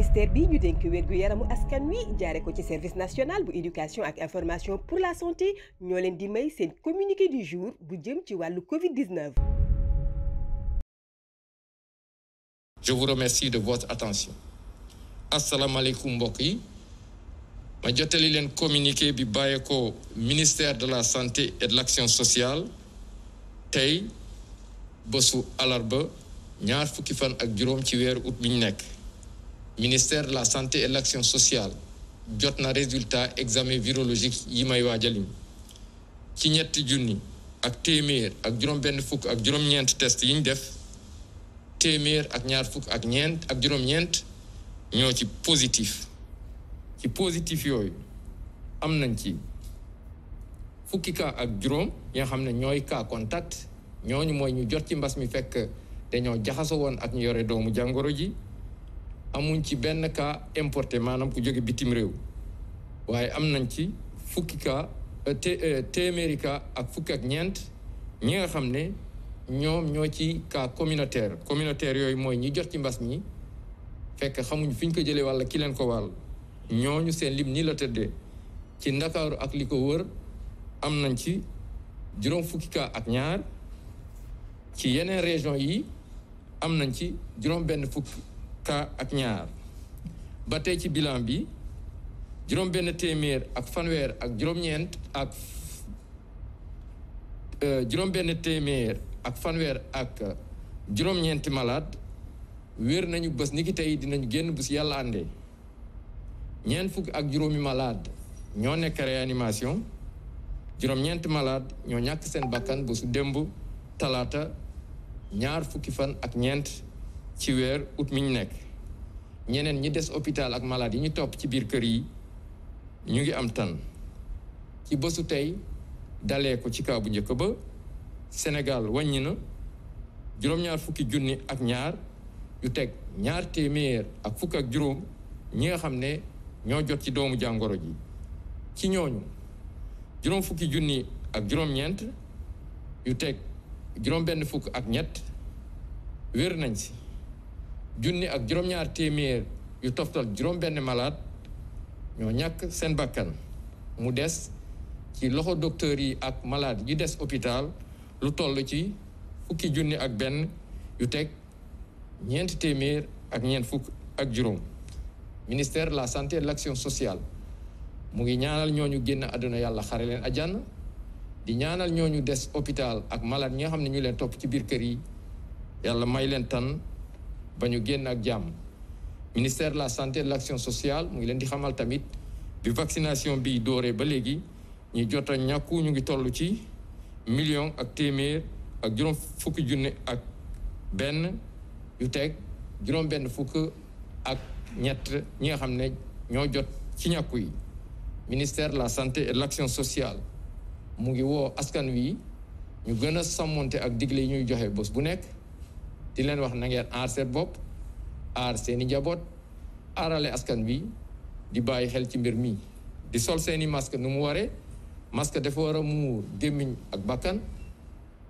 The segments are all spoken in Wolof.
ministère bi ñu dénk wérgu yaramu askan wi jaare ko ci service national bu éducation ak information pour la santé ñoo leen di may seen jour bu jëm ci wàllu Covid 19. je vous remercie de votre attention. asalaamaaleykum mbokk yi. ma jottali leen communiqué bi bàyyeekoo ministère de la santé et de l'action sociale tey bésu alarba ñaar fukki fan ak juróom ci weeru ut bi ñu nekk. ministère de la santé et l'action sociale jot na résultat examen virologique yi may waajalim ci ñetti junni ak téeméer ak juróom-benn fukk ak juróom-ñeent test yi def téeméer ak ñaar ak ñeent ak juróom ñoo ci positif ci positif yooyu am nañ ci fukki cas ak juróom yi nga xam ne ñooy cas contact ñooñu mooy ñu jot ci mbas mi fekk dañoo jaxasoo woon ak ñu yore doomu jàngoro ji amuñ ci benn cas importé maanaam ku jóge bitim réew waaye am nañ ci fukki cas euh, té euh, téeméeri cas ak fukki ak ñeent ñi nga xam ne ñoom ñoo ci cas communautaire communautaire yooyu mooy ñi jot ci mbas ñi fekk xamuñ fi ñu ko jëlee walla ki leen ko wàll ñoo ñooñu seen lim nii la tëdde ci ndakaaru ak li ko wër am nañ ci juróom fukki cas ak ñaar ci yeneen région yi am nañ ci juróom benn fukki cas ak ñaar ba tey ci bilan bi juróom benn téeméer ak fanweer ak juróom-ñeent euh, fanweer ak juróom-ñeenti malade wér nañu bés ni ki tey dinañu génn bu si yàlla àndee ñeent fukk ak juróomi malade ñoo nekk réanimation juróom-ñeenti malade ñoo ñàkk seen bakkan bésu démb talaata ñaar fukki fan ak ñeent ci weer août mi ñu nekk ñeneen ñi des hôpital ak malaat yi ñu topp ci biir kër yi ñu ngi am tan ci bésu tey dalee ko ci kaw bu njëkk ba Sénégal wàññi na juróom-ñaar fukki junni ak ñaar yu teg ñaar téeméer ak fukk ak juróom ñi nga xam ne ñoo jot ci doomu jàngoro ji ci ñooñu juróom fukki junni ak juróom-ñeent yu teg juróom benn fukk ak ñett wér nañ si junni ak juróom-ñaar téeméer yu toftal juróom-benn malade ñoo ñàkk seen bakkan mu des ci loxo docteur yi ak malaat yi des hôpital lu toll ci fukki junni ak benn yu teg ñeent téeméer ak ñeent fukk ak juróom ministère la santé de l'action sociale mu ngi ñaanal ñu génn àdduna yàlla xare leen àjjana di ñaanal ñoo ñu des hôpital ak malaat ñi nga xam ne ñu leen topp ci biir kër yi yàlla may leen tan ba ñu génn ak jàmm ministère la santé de l'action sociale mu ngi leen di xamal tamit bi vaccination bi dooree ba léegi ñu jot ñàkku ñu ngi toll ci million ak téeméer ak juróom fukki junne ak benn yu teg juróom benn fukk ak ñett ñi nga xam ne ñoo jot ci ñàkku yi ministère la santé de l'action sociale mu ngi woo askan wi ñu gën a sàmmonte ak digle yi ñuy joxe bos bu nekk di leen wax na ngeen aar seen bopp aar seeni njaboot aarale askan bi di bàyyi xel ci mbir mi di sol seeni masque nu mu waree masque dafa war a muur démiñ ak bakkan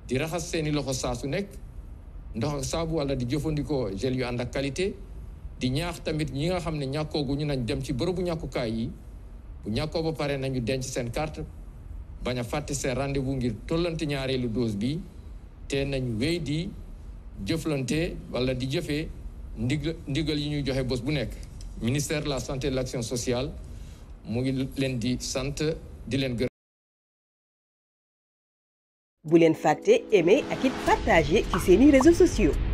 di raxas seeni loxo saa su nekk ndox ak saabu walla di jëfandikoo gel yu ànd ak qualité di ñaax tamit ñi nga xam ne ñàkkoogu ñu nañ dem ci bërëbu ñàkkukaay yi bu ñàkkoo ba pare nañu denc seen carte bañ a fàtte seen rendez-vous ngir tollanti ñaareelu dose bi te nañ wéy di jëflante wala di jëfee ndigal ndigal yi ñuy joxe bos bu nekk ministère de la santé de l'action sociale mu ngi leen di sant di leen gërëm. bu leen fàtte aimer ak it partager ci seeni réseaux sociaux.